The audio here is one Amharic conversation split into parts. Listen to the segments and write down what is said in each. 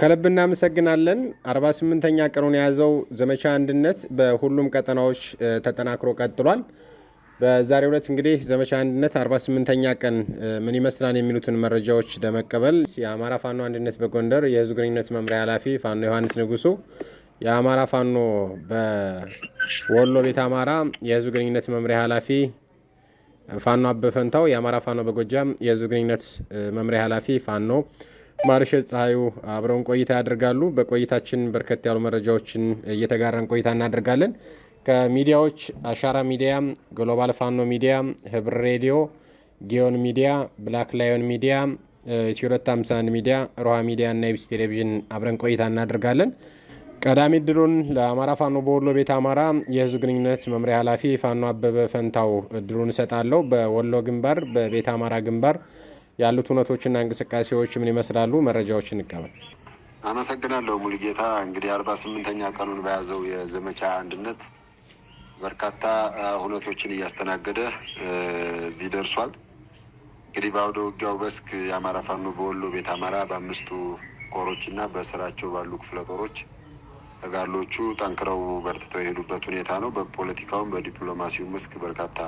ከልብ እናመሰግናለን። 48ኛ ቀኑን የያዘው ዘመቻ አንድነት በሁሉም ቀጠናዎች ተጠናክሮ ቀጥሏል። በዛሬው ዕለት እንግዲህ ዘመቻ አንድነት 48ኛ ቀን ምን ይመስላል የሚሉትን መረጃዎች ለመቀበል የአማራ ፋኖ አንድነት በጎንደር የህዝብ ግንኙነት መምሪያ ኃላፊ ፋኖ ዮሐንስ ንጉሱ የአማራ ፋኖ በወሎ ቤት አማራ የህዝብ ግንኙነት መምሪያ ኃላፊ ፋኖ አበፈንታው፣ የአማራ ፋኖ በጎጃም የህዝብ ግንኙነት መምሪያ ኃላፊ ፋኖ ማርሸት ፀሐዩ አብረውን ቆይታ ያደርጋሉ። በቆይታችን በርከት ያሉ መረጃዎችን እየተጋራን ቆይታ እናደርጋለን። ከሚዲያዎች አሻራ ሚዲያ፣ ግሎባል ፋኖ ሚዲያ፣ ህብር ሬዲዮ፣ ጊዮን ሚዲያ፣ ብላክ ላዮን ሚዲያ፣ ኢትዮ 251 ሚዲያ፣ ሮሃ ሚዲያ እና ኢቢሲ ቴሌቪዥን አብረን ቆይታ እናደርጋለን። ቀዳሚ ድሉን ለአማራ ፋኖ በወሎ ቤት አማራ የህዝብ ግንኙነት መምሪያ ኃላፊ ፋኖ አበበ ፈንታው ድሉን እሰጣለሁ። በወሎ ግንባር፣ በቤት አማራ ግንባር ያሉት እውነቶችና እንቅስቃሴዎች ምን ይመስላሉ? መረጃዎች እንቀበል። አመሰግናለሁ ሙሉጌታ። እንግዲህ አርባ ስምንተኛ ቀኑን በያዘው የዘመቻ አንድነት በርካታ እውነቶችን እያስተናገደ እዚህ ደርሷል። እንግዲህ በአውደ ውጊያው በስክ የአማራ ፋኖ በወሎ ቤት አማራ በአምስቱ ኮሮች እና በስራቸው ባሉ ክፍለ ጦሮች ተጋድሎቹ ጠንክረው በርትተው የሄዱበት ሁኔታ ነው። በፖለቲካውም በዲፕሎማሲው መስክ በርካታ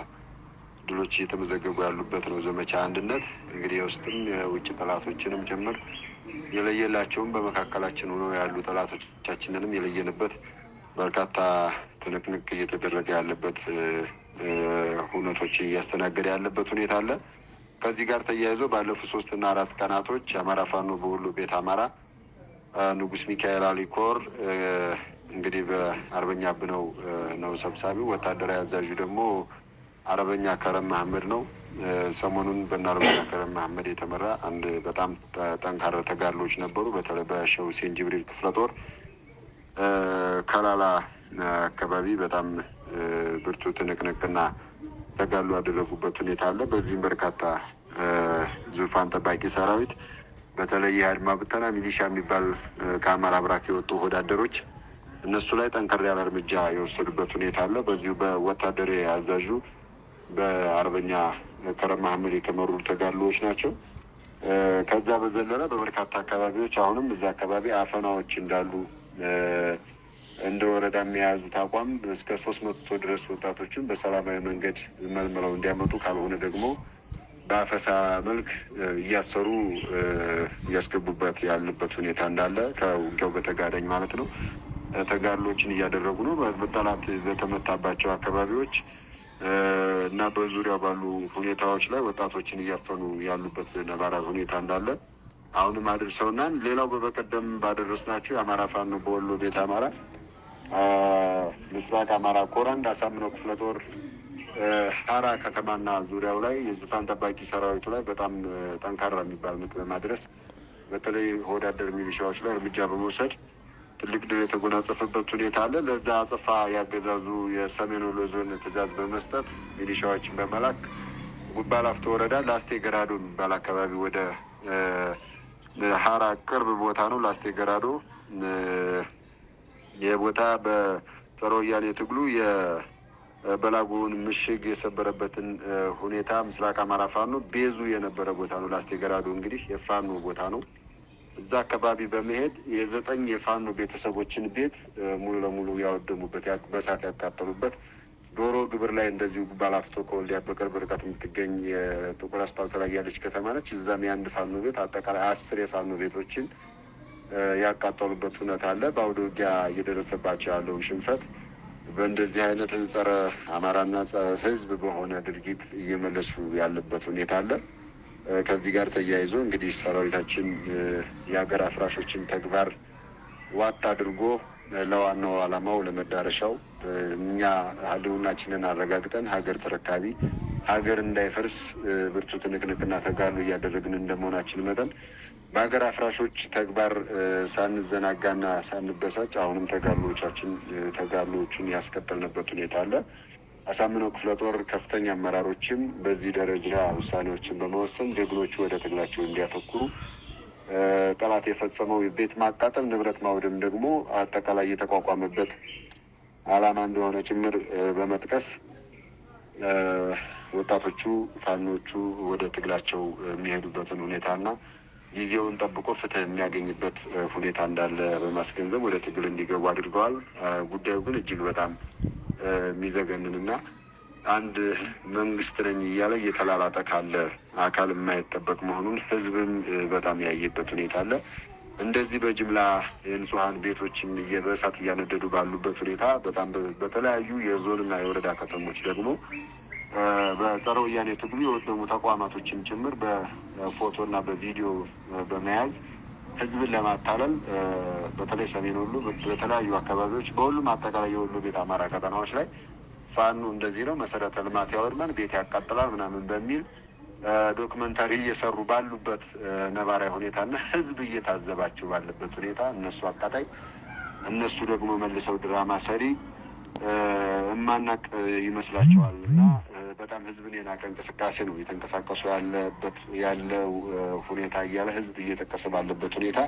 ድሎች እየተመዘገቡ ያሉበት ነው። ዘመቻ አንድነት እንግዲህ የውስጥም የውጭ ጠላቶችንም ጭምር የለየላቸውም በመካከላችን ሆነው ያሉ ጠላቶቻችንንም የለየንበት በርካታ ትንቅንቅ እየተደረገ ያለበት ሁነቶች እያስተናገደ ያለበት ሁኔታ አለ። ከዚህ ጋር ተያይዞ ባለፉት ሶስትና አራት ቀናቶች የአማራ ፋኖ በወሎ ቤት አማራ ንጉስ ሚካኤል አሊኮር እንግዲህ በአርበኛ ብነው ነው ሰብሳቢው፣ ወታደራዊ አዛዡ ደግሞ አርበኛ ከረም መሀመድ ነው። ሰሞኑን በእነ አርበኛ ከረም መሀመድ የተመራ አንድ በጣም ጠንካራ ተጋድሎች ነበሩ። በተለይ በሸህ ሁሴን ጅብሪል ክፍለ ጦር ከላላ አካባቢ በጣም ብርቱ ትንቅንቅና ተጋድሎ ያደረጉበት ሁኔታ አለ። በዚህም በርካታ ዙፋን ጠባቂ ሰራዊት በተለይ የአድማ ብተና ሚሊሻ የሚባል ከአማራ ብራክ የወጡ ወዳደሮች እነሱ ላይ ጠንከር ያለ እርምጃ የወሰዱበት ሁኔታ አለ። በዚሁ በወታደር አዛዡ በአርበኛ ከረም መሀመድ የተመሩ ተጋድሎዎች ናቸው። ከዛ በዘለለ በበርካታ አካባቢዎች አሁንም እዛ አካባቢ አፈናዎች እንዳሉ እንደ ወረዳ የያዙት አቋም እስከ ሶስት መቶ ድረስ ወጣቶችን በሰላማዊ መንገድ መልምለው እንዲያመጡ ካልሆነ ደግሞ በአፈሳ መልክ እያሰሩ እያስገቡበት ያለበት ሁኔታ እንዳለ ከውጊያው በተጋዳኝ ማለት ነው ተጋድሎችን እያደረጉ ነው። በጠላት በተመታባቸው አካባቢዎች እና በዙሪያው ባሉ ሁኔታዎች ላይ ወጣቶችን እያፈኑ ያሉበት ነባራዊ ሁኔታ እንዳለ አሁንም አድርሰውናል። ሌላው በበቀደም ባደረስናቸው የአማራ ፋኖ በወሎ ቤት አማራ ምስራቅ አማራ ኮር አንድ አሳምነው ክፍለ ጦር ሀራ ከተማና ዙሪያው ላይ የዙፋን ጠባቂ ሰራዊቱ ላይ በጣም ጠንካራ የሚባል ምት በማድረስ በተለይ ወዳደር ሚሊሻዎች ላይ እርምጃ በመውሰድ ትልቅ ድል የተጎናጸፈበት ሁኔታ አለ። ለዛ አጸፋ ያገዛዙ የሰሜን ወሎ ዞን ትዕዛዝ በመስጠት ሚሊሻዎችን በመላክ ጉባላፍቶ ወረዳ ላስቴ ገራዶ የሚባል አካባቢ ወደ ሀራ ቅርብ ቦታ ነው። ላስቴ ገራዶ ይህ ቦታ በጸረ ወያኔ ትግሉ የበላጎውን ምሽግ የሰበረበትን ሁኔታ ምስራቅ አማራ ፋኖ ቤዙ የነበረ ቦታ ነው። ላስቴ ገራዶ እንግዲህ የፋኖ ቦታ ነው። እዛ አካባቢ በመሄድ የዘጠኝ የፋኖ ቤተሰቦችን ቤት ሙሉ ለሙሉ ያወደሙበት በሳት ያቃጠሉበት ዶሮ ግብር ላይ እንደዚሁ ባላፍቶ ከወልዲያ በቅርብ ርቀት የምትገኝ የጥቁር አስፓልት ላይ ያለች ከተማ ነች። እዛም የአንድ ፋኖ ቤት አጠቃላይ አስር የፋኖ ቤቶችን ያቃጠሉበት እውነት አለ። በአውደ ውጊያ እየደረሰባቸው ያለው ሽንፈት በእንደዚህ አይነት ጸረ አማራና ህዝብ በሆነ ድርጊት እየመለሱ ያለበት ሁኔታ አለ። ከዚህ ጋር ተያይዞ እንግዲህ ሰራዊታችን የሀገር አፍራሾችን ተግባር ዋጥ አድርጎ ለዋናው ዓላማው ለመዳረሻው እኛ ህልውናችንን አረጋግጠን ሀገር ተረካቢ ሀገር እንዳይፈርስ ብርቱ ትንቅንቅና ተጋሉ እያደረግን እንደመሆናችን መጠን በሀገር አፍራሾች ተግባር ሳንዘናጋና ሳንበሳጭ አሁንም ተጋሎቻችን ተጋሎቹን ያስቀጠልንበት ሁኔታ አለ። አሳምነው ክፍለ ጦር ከፍተኛ አመራሮችም በዚህ ደረጃ ውሳኔዎችን በመወሰን ጀግኖቹ ወደ ትግላቸው እንዲያተኩሩ ጠላት የፈጸመው ቤት ማቃጠል፣ ንብረት ማውደም ደግሞ አጠቃላይ የተቋቋመበት ዓላማ እንደሆነ ጭምር በመጥቀስ ወጣቶቹ ፋኖቹ ወደ ትግላቸው የሚሄዱበትን ሁኔታና ጊዜውን ጠብቆ ፍትህ የሚያገኝበት ሁኔታ እንዳለ በማስገንዘብ ወደ ትግል እንዲገቡ አድርገዋል። ጉዳዩ ግን እጅግ በጣም የሚዘገንን እና አንድ መንግስት ነኝ እያለ እየተላላጠ ካለ አካል የማይጠበቅ መሆኑን ህዝብም በጣም ያየበት ሁኔታ አለ። እንደዚህ በጅምላ የንጹሀን ቤቶችን በእሳት እያነደዱ ባሉበት ሁኔታ በጣም በተለያዩ የዞንና የወረዳ ከተሞች ደግሞ በጸረ ወያኔ ትግሉ የወደሙ ተቋማቶችን ጭምር በፎቶና በቪዲዮ በመያዝ ህዝብን ለማታለል በተለይ ሰሜን ወሎ በተለያዩ አካባቢዎች በሁሉም አጠቃላይ የወሎ ቤት አማራ ቀጠናዎች ላይ ፋኑ እንደዚህ ነው መሰረተ ልማት ያወድማን ቤት ያቃጥላል ምናምን በሚል ዶክመንታሪ እየሰሩ ባሉበት ነባራዊ ሁኔታና ህዝብ እየታዘባቸው ባለበት ሁኔታ እነሱ አቃጣይ እነሱ ደግሞ መልሰው ድራማ ሰሪ እማናቅ ይመስላቸዋል እና በጣም ህዝብን የናቀ እንቅስቃሴ ነው እየተንቀሳቀሱ ያለበት ያለው ሁኔታ እያለ ህዝብ እየጠቀሰ ባለበት ሁኔታ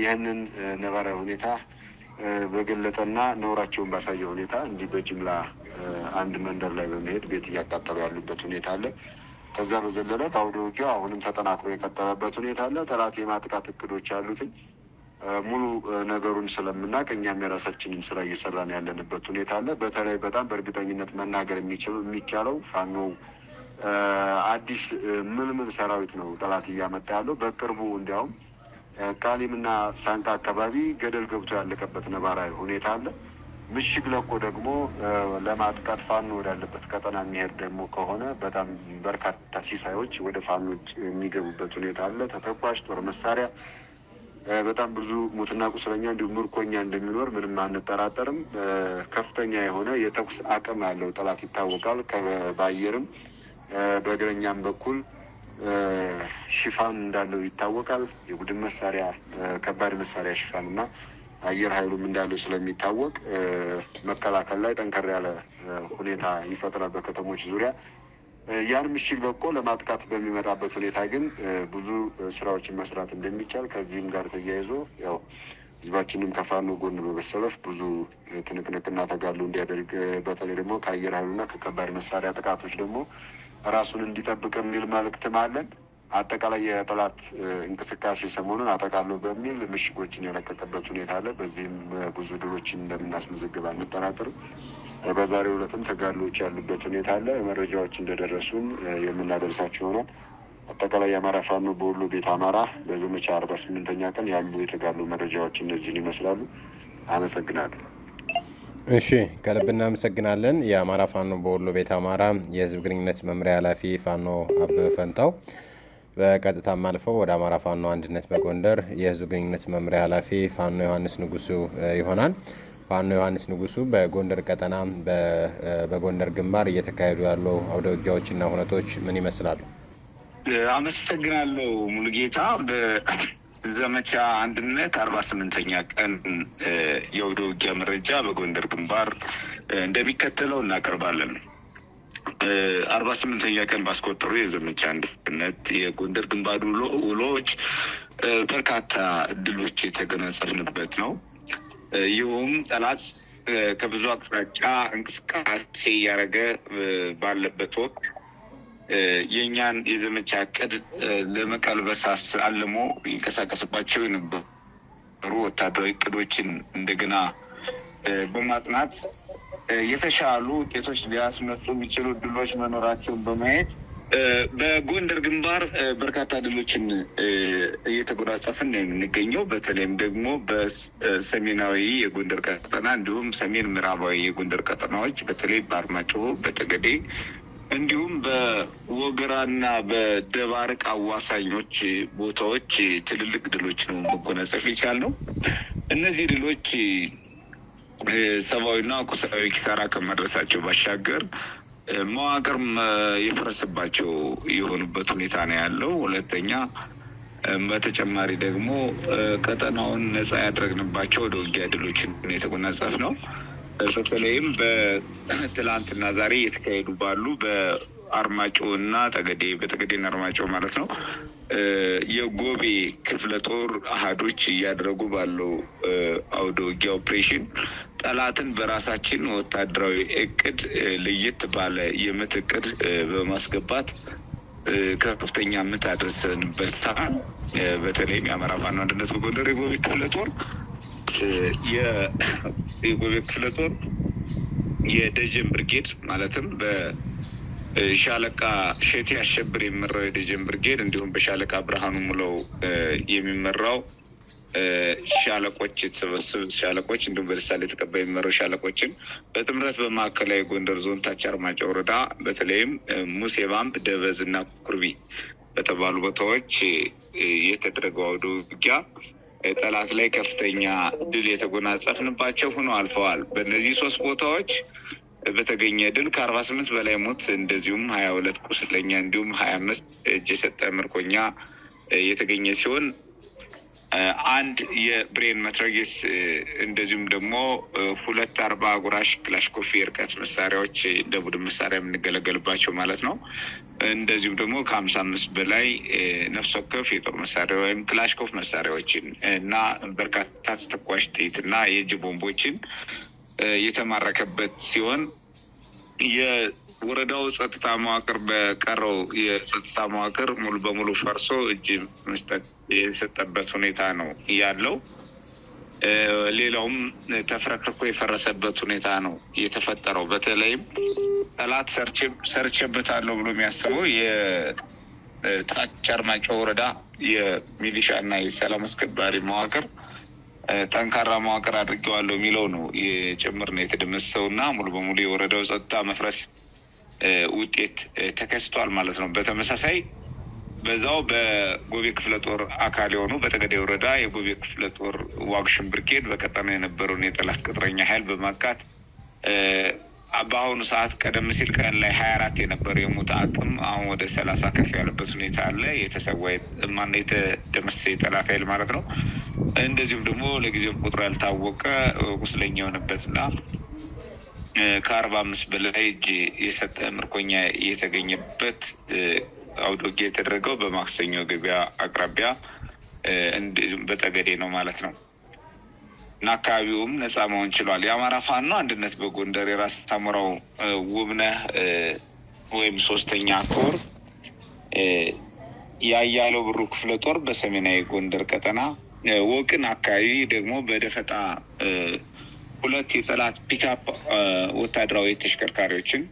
ይህንን ነባራዊ ሁኔታ በገለጠና ነውራቸውን ባሳየ ሁኔታ እንዲህ በጅምላ አንድ መንደር ላይ በመሄድ ቤት እያቃጠሉ ያሉበት ሁኔታ አለ። ከዛ በዘለለ አውደ ውጊያው አሁንም ተጠናክሮ የቀጠለበት ሁኔታ አለ። ጠላት የማጥቃት እቅዶች ያሉትን ሙሉ ነገሩን ስለምናቅ እኛም የራሳችንን ስራ እየሰራን ያለንበት ሁኔታ አለ። በተለይ በጣም በእርግጠኝነት መናገር የሚችለው የሚቻለው ፋኖ አዲስ ምን ምን ሰራዊት ነው ጠላት እያመጣ ያለው። በቅርቡ እንዲያውም ቃሊምና ሳንቃ አካባቢ ገደል ገብቶ ያለቀበት ነባራዊ ሁኔታ አለ። ምሽግ ለቆ ደግሞ ለማጥቃት ፋኖ ወዳለበት ቀጠና የሚሄድ ደግሞ ከሆነ በጣም በርካታ ሲሳዮች ወደ ፋኖች የሚገቡበት ሁኔታ አለ። ተተኳሽ ጦር መሳሪያ በጣም ብዙ ሙትና ቁስለኛ እንዲሁም ምርኮኛ እንደሚኖር ምንም አንጠራጠርም። ከፍተኛ የሆነ የተኩስ አቅም ያለው ጠላት ይታወቃል። በአየርም በእግረኛም በኩል ሽፋን እንዳለው ይታወቃል። የቡድን መሳሪያ ከባድ መሳሪያ ሽፋን እና አየር ኃይሉም እንዳለው ስለሚታወቅ መከላከል ላይ ጠንከር ያለ ሁኔታ ይፈጥራል በከተሞች ዙሪያ ያን ምሽግ ለቆ ለማጥቃት በሚመጣበት ሁኔታ ግን ብዙ ስራዎችን መስራት እንደሚቻል ከዚህም ጋር ተያይዞ ያው ህዝባችንም ከፋኖ ጎን በመሰለፍ ብዙ ትንቅንቅና ተጋድሎ እንዲያደርግ በተለይ ደግሞ ከአየር ኃይሉና ከከባድ መሳሪያ ጥቃቶች ደግሞ ራሱን እንዲጠብቅ የሚል መልእክትም አለን። አጠቃላይ የጠላት እንቅስቃሴ ሰሞኑን አጠቃሉ በሚል ምሽጎችን የለቀቀበት ሁኔታ አለ። በዚህም ብዙ ድሎችን እንደምናስመዘግብ አንጠራጥርም። በዛሬው ዕለትም ተጋድሎዎች ያሉበት ሁኔታ አለ። መረጃዎች እንደደረሱን የምናደርሳቸው ይሆናል። አጠቃላይ የአማራ ፋኖ በወሎ ቤት አማራ በዘመቻ አርባ ስምንተኛ ቀን ያሉ የተጋድሎ መረጃዎች እነዚህን ይመስላሉ። አመሰግናለሁ። እሺ ከልብ እናመሰግናለን። የአማራ ፋኖ በወሎ ቤት አማራ የህዝብ ግንኙነት መምሪያ ኃላፊ ፋኖ አበበ ፈንታው በቀጥታም ማልፈው ወደ አማራ ፋኖ አንድነት በጎንደር የህዝብ ግንኙነት መምሪያ ኃላፊ ፋኖ ዮሐንስ ንጉሱ ይሆናል። ፋኖ ዮሐንስ ንጉሱ በጎንደር ቀጠና በጎንደር ግንባር እየተካሄዱ ያሉ አውደ ውጊያዎችና ሁነቶች ምን ይመስላሉ? አመሰግናለሁ ሙሉጌታ። በዘመቻ አንድነት አርባ ስምንተኛ ቀን የአውደ ውጊያ መረጃ በጎንደር ግንባር እንደሚከተለው እናቀርባለን። አርባ ስምንተኛ ቀን ባስቆጠሩ የዘመቻ አንድነት የጎንደር ግንባር ውሎዎች በርካታ ድሎች የተገነጸፍንበት ነው። ይሁም ጠላት ከብዙ አቅጣጫ እንቅስቃሴ እያደረገ ባለበት ወቅት የእኛን የዘመቻ እቅድ ለመቀልበስ አልሞ ይንቀሳቀስባቸው የነበሩ ወታደራዊ እቅዶችን እንደገና በማጥናት የተሻሉ ውጤቶች ሊያስመጡ የሚችሉ ድሎች መኖራቸውን በማየት በጎንደር ግንባር በርካታ ድሎችን እየተጎናጸፍን ነው የምንገኘው። በተለይም ደግሞ በሰሜናዊ የጎንደር ቀጠና እንዲሁም ሰሜን ምዕራባዊ የጎንደር ቀጠናዎች በተለይ በአርማጭሆ፣ በጠገዴ እንዲሁም በወገራና በደባርቅ አዋሳኞች ቦታዎች ትልልቅ ድሎች ነው መጎናጸፍ የቻልነው። እነዚህ ድሎች ሰብአዊና ቁሳዊ ኪሳራ ከመድረሳቸው ባሻገር መዋቅር የፈረሰባቸው የሆኑበት ሁኔታ ነው ያለው። ሁለተኛ በተጨማሪ ደግሞ ቀጠናውን ነፃ ያደረግንባቸው ወደ ውጊያ ድሎችን የተጎናጸፍ ነው። በተለይም በትላንትና ዛሬ የተካሄዱ ባሉ በአርማጮ እና ጠገዴ በጠገዴና አርማጮ ማለት ነው የጎቤ ክፍለ ጦር እያደረጉ ባለው አውደ ውጊያ ኦፕሬሽን ጠላትን በራሳችን ወታደራዊ እቅድ ለየት ባለ የምት እቅድ በማስገባት ከፍተኛ ምት አድርሰንበት ሰዓት በተለይም የአማራ ፋኖ አንድነት በጎንደር የጎቤ ክፍለ ጦር የጎቤ ክፍለ ጦር የደጀን ብርጌድ ማለትም በሻለቃ ሸቴ አሸብር የሚመራው የደጀን ብርጌድ እንዲሁም በሻለቃ ብርሃኑ ሙለው የሚመራው ሻለቆች የተሰበሰብ ሻለቆች እንዲሁም በደሳሌ የተቀባይ የሚመሩ ሻለቆችን በጥምረት በማዕከላዊ ጎንደር ዞን ታች አርማጭ ወረዳ በተለይም ሙሴ ባምብ፣ ደበዝ እና ኩርቢ በተባሉ ቦታዎች የተደረገው አውደ ውጊያ ጠላት ላይ ከፍተኛ ድል የተጎናጸፍንባቸው ሆኖ አልፈዋል። በእነዚህ ሶስት ቦታዎች በተገኘ ድል ከአርባ ስምንት በላይ ሞት እንደዚሁም ሀያ ሁለት ቁስለኛ እንዲሁም ሀያ አምስት እጅ የሰጠ ምርኮኛ የተገኘ ሲሆን አንድ የብሬን መትረጊስ እንደዚሁም ደግሞ ሁለት አርባ ጉራሽ ክላሽኮፍ የርቀት መሳሪያዎች እንደ ቡድን መሳሪያ የምንገለገልባቸው ማለት ነው። እንደዚሁም ደግሞ ከሀምሳ አምስት በላይ ነፍስ ወከፍ የጦር መሳሪያ ወይም ክላሽኮፍ መሳሪያዎችን እና በርካታ ተተኳሽ ጥይት እና የእጅ ቦምቦችን የተማረከበት ሲሆን ወረዳው ጸጥታ መዋቅር በቀረው የጸጥታ መዋቅር ሙሉ በሙሉ ፈርሶ እጅ መስጠት የሰጠበት ሁኔታ ነው ያለው። ሌላውም ተፍረክርኮ የፈረሰበት ሁኔታ ነው የተፈጠረው። በተለይም ጠላት ሰርቼበታለሁ ብሎ የሚያስበው የታች አርማጭሆ ወረዳ የሚሊሻ እና የሰላም አስከባሪ መዋቅር ጠንካራ መዋቅር አድርጌዋለሁ የሚለው ነው የጭምር ነው የተደመሰው እና ሙሉ በሙሉ የወረዳው ጸጥታ መፍረስ ውጤት ተከስቷል ማለት ነው። በተመሳሳይ በዛው በጎቤ ክፍለ ጦር አካል የሆኑ በጠገዴ ወረዳ የጎቤ ክፍለ ጦር ዋግሽን ብርጌድ በቀጠና የነበረውን የጠላት ቅጥረኛ ኃይል በማጥቃት በአሁኑ ሰዓት ቀደም ሲል ቀን ላይ ሀያ አራት የነበረው የሞት አቅም አሁን ወደ ሰላሳ ከፍ ያለበት ሁኔታ አለ። የተሰዋ ማነ የተደመሰ የጠላት ኃይል ማለት ነው። እንደዚሁም ደግሞ ለጊዜው ቁጥሩ ያልታወቀ ቁስለኛ የሆነበትና ከአርባ አምስት በላይ እጅ የሰጠ ምርኮኛ የተገኘበት አውዶጌ የተደረገው በማክሰኞ ገበያ አቅራቢያ በጠገዴ ነው ማለት ነው እና አካባቢውም ነፃ መሆን ችሏል። የአማራ ፋኖ አንድነት በጎንደር የራስ ታምራው ውብነህ ወይም ሶስተኛ ኮር ያያለው ብሩ ክፍለ ጦር በሰሜናዊ ጎንደር ቀጠና ወቅን አካባቢ ደግሞ በደፈጣ ሁለት የጠላት ፒክአፕ ወታደራዊ ተሽከርካሪዎችን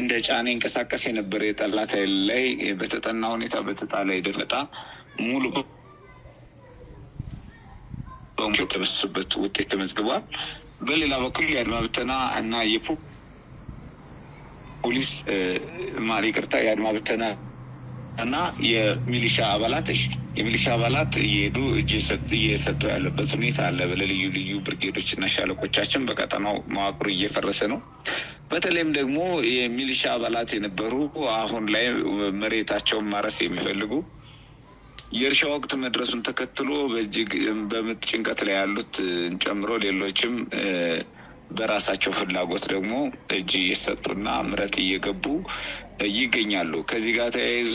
እንደ ጫኔ እንቀሳቀስ የነበረ የጠላት ኃይል ላይ በተጠና ሁኔታ በተጣለ የደፈጣ ሙሉ በሙሉ የተመሱበት ውጤት ተመዝግቧል። በሌላ በኩል የአድማ ብተና እና የፖሊስ ማር ይቅርታ የአድማ ብተና እና የሚሊሻ አባላት የሚሊሻ አባላት እየሄዱ እጅ እየሰጡ ያለበት ሁኔታ አለ። ለልዩ ልዩ ብርጌዶች እና ሻለቆቻችን በቀጠናው መዋቅሩ እየፈረሰ ነው። በተለይም ደግሞ የሚሊሻ አባላት የነበሩ አሁን ላይ መሬታቸውን ማረስ የሚፈልጉ የእርሻ ወቅት መድረሱን ተከትሎ በእጅግ በምጥ ጭንቀት ላይ ያሉት ጨምሮ ሌሎችም በራሳቸው ፍላጎት ደግሞ እጅ እየሰጡና ምረት እየገቡ ይገኛሉ። ከዚህ ጋር ተያይዞ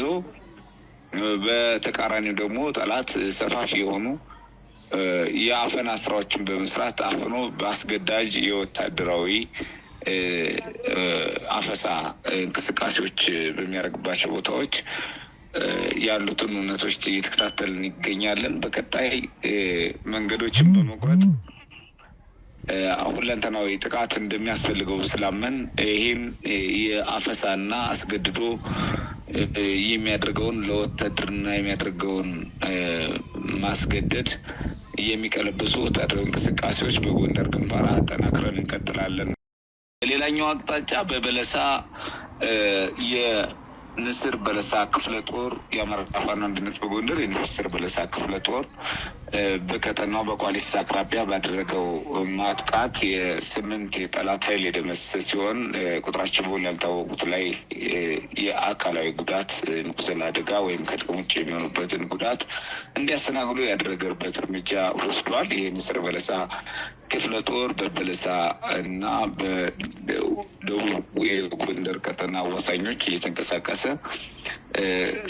በተቃራኒው ደግሞ ጠላት ሰፋፊ የሆኑ የአፈና ስራዎችን በመስራት አፍኖ በአስገዳጅ የወታደራዊ አፈሳ እንቅስቃሴዎች በሚያደርግባቸው ቦታዎች ያሉትን እውነቶች እየተከታተልን ይገኛለን። በቀጣይ መንገዶችን በመቁረጥ ሁለንተናዊ ጥቃት እንደሚያስፈልገው ስላመን ይህም የአፈሳና አስገድዶ የሚያደርገውን ለወታደርና የሚያደርገውን ማስገደድ የሚቀለብሱ ወታደራዊ እንቅስቃሴዎች በጎንደር ግንባር አጠናክረን እንቀጥላለን። በሌላኛው አቅጣጫ በበለሳ ንስር በለሳ ክፍለ ጦር የአማራ ፋኖ አንድነት በጎንደር የንስር በለሳ ክፍለ ጦር በቀጠናው በቋሊስ አቅራቢያ ባደረገው ማጥቃት የስምንት የጠላት ኃይል የደመሰ ሲሆን ቁጥራቸው በሆን ያልታወቁት ላይ የአካላዊ ጉዳት ንቁስል አደጋ ወይም ከጥቅም ውጭ የሚሆኑበትን ጉዳት እንዲያስተናግሉ ያደረገበት እርምጃ ወስዷል። ይህ ንስር በለሳ ክፍለ ጦር በበለሳ እና በደቡብ ጎንደር ቀጠና ወሳኞች እየተንቀሳቀሰ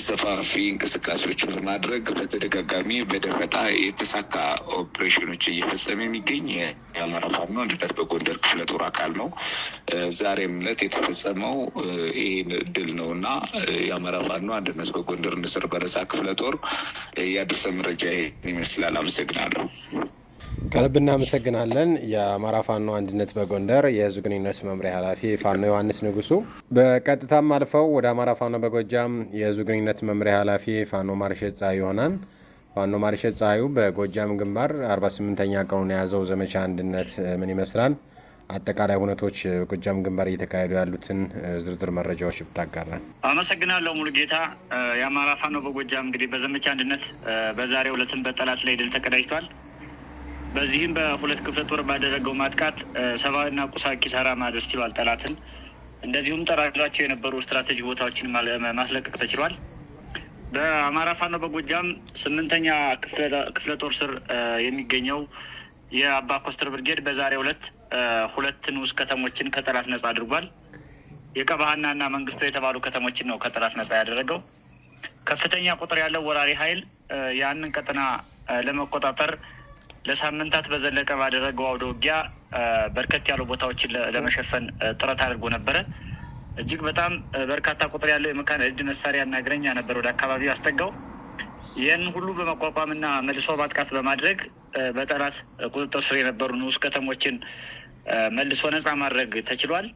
ሰፋፊ እንቅስቃሴዎች በማድረግ በተደጋጋሚ በደፈጣ የተሳካ ኦፕሬሽኖች እየፈጸመ የሚገኝ የአማራ ፋኖ አንድነት በጎንደር ክፍለ ጦር አካል ነው። ዛሬም ዕለት የተፈጸመው ይህን ድል ነው እና የአማራ ፋኖ አንድነት በጎንደር ንስር በለሳ ክፍለ ጦር ያደረሰን መረጃ ይመስላል። አመሰግናለሁ። ከልብ እናመሰግናለን። የአማራ ፋኖ አንድነት በጎንደር የህዝብ ግንኙነት መምሪያ ኃላፊ ፋኖ ዮሐንስ ንጉሱ፣ በቀጥታም አልፈው ወደ አማራ ፋኖ በጎጃም የህዝብ ግንኙነት መምሪያ ኃላፊ ፋኖ ማርሸት ፀሐዩ ይሆናል። ፋኖ ማርሸት ፀሐዩ፣ በጎጃም ግንባር 48ኛ ቀኑን የያዘው ዘመቻ አንድነት ምን ይመስላል? አጠቃላይ ሁነቶች በጎጃም ግንባር እየተካሄዱ ያሉትን ዝርዝር መረጃዎች ብታጋራል። አመሰግናለሁ ሙሉ ጌታ። የአማራ ፋኖ በጎጃም እንግዲህ በዘመቻ አንድነት በዛሬው ዕለትም በጠላት ላይ ድል ተቀዳጅቷል። በዚህም በሁለት ክፍለ ጦር ባደረገው ማጥቃት ሰብአዊና ቁሳዊ ኪሳራ ማድረስ ችሏል ጠላትን። እንደዚሁም ጠራዛቸው የነበሩ ስትራቴጂ ቦታዎችን ማስለቀቅ ተችሏል። በአማራ ፋኖ በጎጃም ስምንተኛ ክፍለ ጦር ስር የሚገኘው የአባ ኮስተር ብርጌድ በዛሬው ዕለት ሁለት ንዑስ ከተሞችን ከጠላት ነጻ አድርጓል። የቀባህና እና መንግስቶ የተባሉ ከተሞችን ነው ከጠላት ነጻ ያደረገው። ከፍተኛ ቁጥር ያለው ወራሪ ኃይል ያንን ቀጠና ለመቆጣጠር ለሳምንታት በዘለቀ ባደረገው አውደ ውጊያ በርከት ያሉ ቦታዎችን ለመሸፈን ጥረት አድርጎ ነበረ። እጅግ በጣም በርካታ ቁጥር ያለው የመካነ እጅ መሳሪያና እግረኛ ነበር ወደ አካባቢው ያስጠጋው። ይህን ሁሉ በመቋቋምና መልሶ ማጥቃት በማድረግ በጠላት ቁጥጥር ስር የነበሩ ንዑስ ከተሞችን መልሶ ነጻ ማድረግ ተችሏል።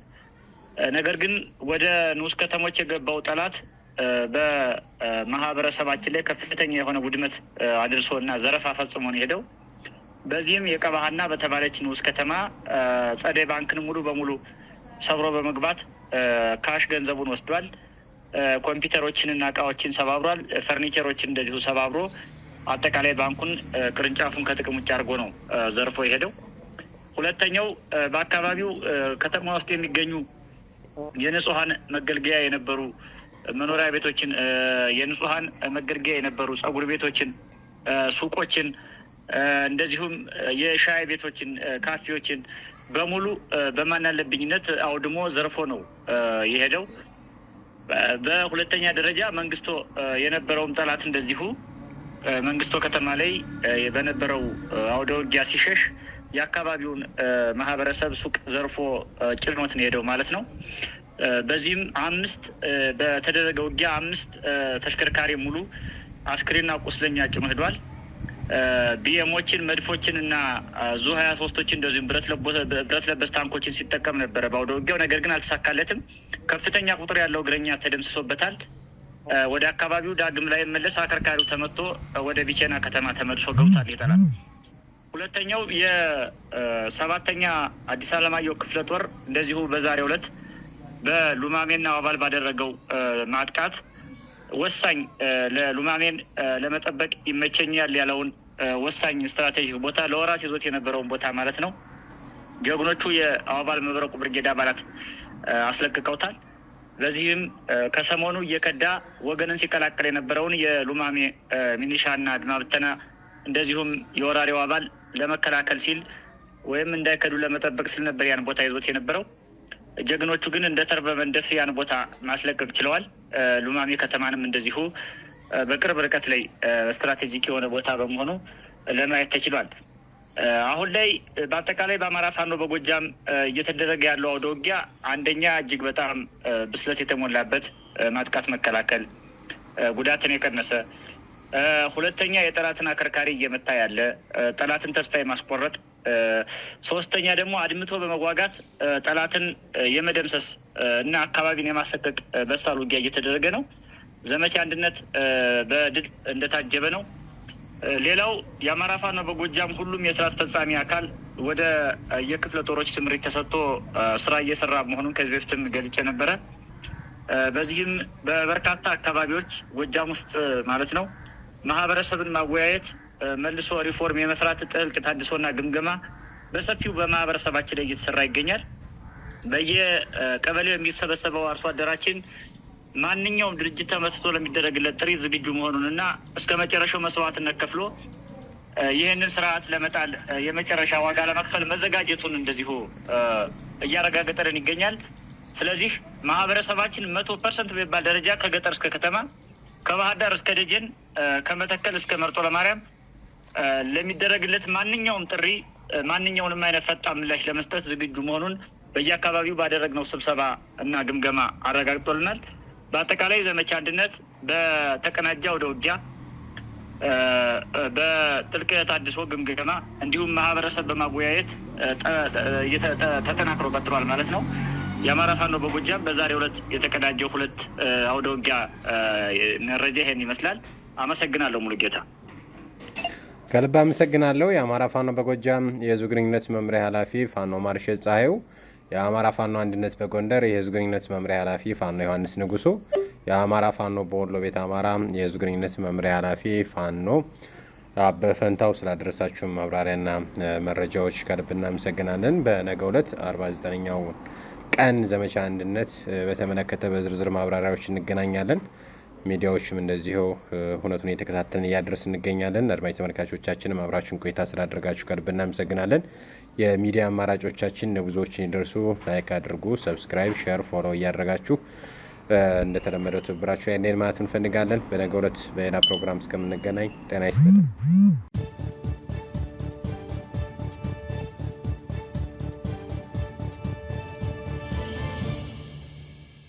ነገር ግን ወደ ንዑስ ከተሞች የገባው ጠላት በማህበረሰባችን ላይ ከፍተኛ የሆነ ውድመት አድርሶ እና ዘረፋ ፈጽሞ ነው የሄደው። በዚህም የቀባሃና በተባለች ንዑስ ከተማ ጸደይ ባንክን ሙሉ በሙሉ ሰብሮ በመግባት ካሽ ገንዘቡን ወስዷል። ኮምፒውተሮችንና እቃዎችን ሰባብሯል። ፈርኒቸሮችን እንደዚሁ ሰባብሮ አጠቃላይ ባንኩን ቅርንጫፉን ከጥቅም ውጭ አድርጎ ነው ዘርፎ የሄደው። ሁለተኛው በአካባቢው ከተማ ውስጥ የሚገኙ የንጹሀን መገልገያ የነበሩ መኖሪያ ቤቶችን፣ የንጹሀን መገልገያ የነበሩ ጸጉር ቤቶችን፣ ሱቆችን እንደዚሁም የሻይ ቤቶችን፣ ካፌዎችን በሙሉ በማናለብኝነት አውድሞ ዘርፎ ነው የሄደው። በሁለተኛ ደረጃ መንግስቶ የነበረውም ጠላት እንደዚሁ መንግስቶ ከተማ ላይ በነበረው አውደ ውጊያ ሲሸሽ የአካባቢውን ማህበረሰብ ሱቅ ዘርፎ ጭኖት ነው የሄደው ማለት ነው። በዚህም አምስት በተደረገ ውጊያ አምስት ተሽከርካሪ ሙሉ አስክሬንና ቁስለኛ ጭኖ ሄዷል። ቢኤሞችን መድፎችን እና ዙ ሀያ ሶስቶችን እንደዚሁም ብረት ለበስ ታንኮችን ሲጠቀም ነበረ በአውደ ውጊያው። ነገር ግን አልተሳካለትም። ከፍተኛ ቁጥር ያለው እግረኛ ተደምስሶበታል። ወደ አካባቢው ዳግም ላይ መለስ አከርካሪው ተመቶ ወደ ቢቼና ከተማ ተመልሶ ገብቷል ይጠራል ሁለተኛው የሰባተኛ አዲስ አለማየሁ ክፍለ ጦር እንደዚሁ በዛሬ ሁለት በሉማሜና አባል ባደረገው ማጥቃት ወሳኝ ለሉማሜን ለመጠበቅ ይመቸኛል ያለውን ወሳኝ ስትራቴጂክ ቦታ ለወራት ይዞት የነበረውን ቦታ ማለት ነው ጀግኖቹ የአዋባል መብረቁ ብርጌድ አባላት አስለቅቀውታል። በዚህም ከሰሞኑ እየከዳ ወገንን ሲቀላቀል የነበረውን የሉማሜ ሚኒሻና ና ድማብተና እንደዚሁም የወራሪው አባል ለመከላከል ሲል ወይም እንዳይከዱ ለመጠበቅ ስል ነበር ያን ቦታ ይዞት የነበረው። ጀግኖቹ ግን እንደ ተር በመንደፍ ያን ቦታ ማስለቀቅ ችለዋል። ሉማሜ ከተማንም እንደዚሁ በቅርብ ርቀት ላይ ስትራቴጂክ የሆነ ቦታ በመሆኑ ለማየት ተችሏል። አሁን ላይ በአጠቃላይ በአማራ ፋኖ በጎጃም እየተደረገ ያለው አውደ ውጊያ አንደኛ እጅግ በጣም ብስለት የተሞላበት ማጥቃት መከላከል ጉዳትን የቀነሰ ሁለተኛ የጠላትን አከርካሪ እየመታ ያለ ጠላትን ተስፋ የማስቆረጥ ሶስተኛ ደግሞ አድምቶ በመዋጋት ጠላትን የመደምሰስ እና አካባቢን የማስለቀቅ በሳል ውጊያ እየተደረገ ነው። ዘመቻ አንድነት በድል እንደታጀበ ነው። ሌላው የአማራ ፋኖ በጎጃም ሁሉም የስራ አስፈጻሚ አካል ወደ የክፍለ ጦሮች ስምሪት ተሰጥቶ ስራ እየሰራ መሆኑን ከዚህ በፊትም ገልጬ ነበረ። በዚህም በበርካታ አካባቢዎች ጎጃም ውስጥ ማለት ነው ማህበረሰብን ማወያየት መልሶ ሪፎርም የመስራት ጥልቅ ታድሶና ግምገማ በሰፊው በማህበረሰባችን ላይ እየተሰራ ይገኛል። በየቀበሌው የሚሰበሰበው አርሶ አደራችን ማንኛውም ድርጅት ተመስቶ ለሚደረግለት ጥሪ ዝግጁ መሆኑን እና እስከ መጨረሻው መስዋዕትነት ከፍሎ ይህንን ስርዓት ለመጣል የመጨረሻ ዋጋ ለመክፈል መዘጋጀቱን እንደዚሁ እያረጋገጠልን ይገኛል። ስለዚህ ማህበረሰባችን መቶ ፐርሰንት በሚባል ደረጃ ከገጠር እስከ ከተማ ከባህር ዳር እስከ ደጀን ከመተከል እስከ መርጦ ለማርያም ለሚደረግለት ማንኛውም ጥሪ ማንኛውንም አይነት ፈጣን ምላሽ ለመስጠት ዝግጁ መሆኑን በየአካባቢው ባደረግነው ስብሰባ እና ግምገማ አረጋግጦልናል። በአጠቃላይ ዘመቻ አንድነት በተቀናጀ ወደ ውጊያ፣ በጥልቅ ተሃድሶ ግምገማ እንዲሁም ማህበረሰብ በማወያየት ተጠናክሮ ቀጥሏል ማለት ነው። የአማራ ፋኖ በጎጃም በዛሬው ዕለት የተቀዳጀው ሁለት አውደ ውጊያ መረጃ ይሄን ይመስላል። አመሰግናለሁ ሙሉጌታ። ከልብ አመሰግናለሁ። የአማራ ፋኖ በጎጃም የህዝብ ግንኙነት መምሪያ ኃላፊ ፋኖ ማርሸት ጸሐዩ፣ የአማራ ፋኖ አንድነት በጎንደር የህዝብ ግንኙነት መምሪያ ኃላፊ ፋኖ ዮሐንስ ንጉሱ፣ የአማራ ፋኖ በወሎ ቤት አማራ የህዝብ ግንኙነት መምሪያ ኃላፊ ፋኖ በፈንታው ስላደረሳችሁ ማብራሪያና መረጃዎች ከልብ እናመሰግናለን። በነገው ዕለት 49ኛው ቀን ዘመቻ አንድነት በተመለከተ በዝርዝር ማብራሪያዎች እንገናኛለን። ሚዲያዎችም እንደዚሁ ሁነቱን እየተከታተልን እያደረስ እንገኛለን። አድማጭ ተመልካቾቻችንም አብራችን ቆይታ ስላደረጋችሁ ከልብ እናመሰግናለን። የሚዲያ አማራጮቻችን ለብዙዎች እንዲደርሱ ላይክ አድርጉ፣ ሰብስክራይብ፣ ሼር፣ ፎሎ እያደረጋችሁ እንደተለመደው ትብብራችሁ ያንን ማለት እንፈልጋለን። በነገ ዕለት በሌላ ፕሮግራም እስከምንገናኝ ጤና ይስጥልን።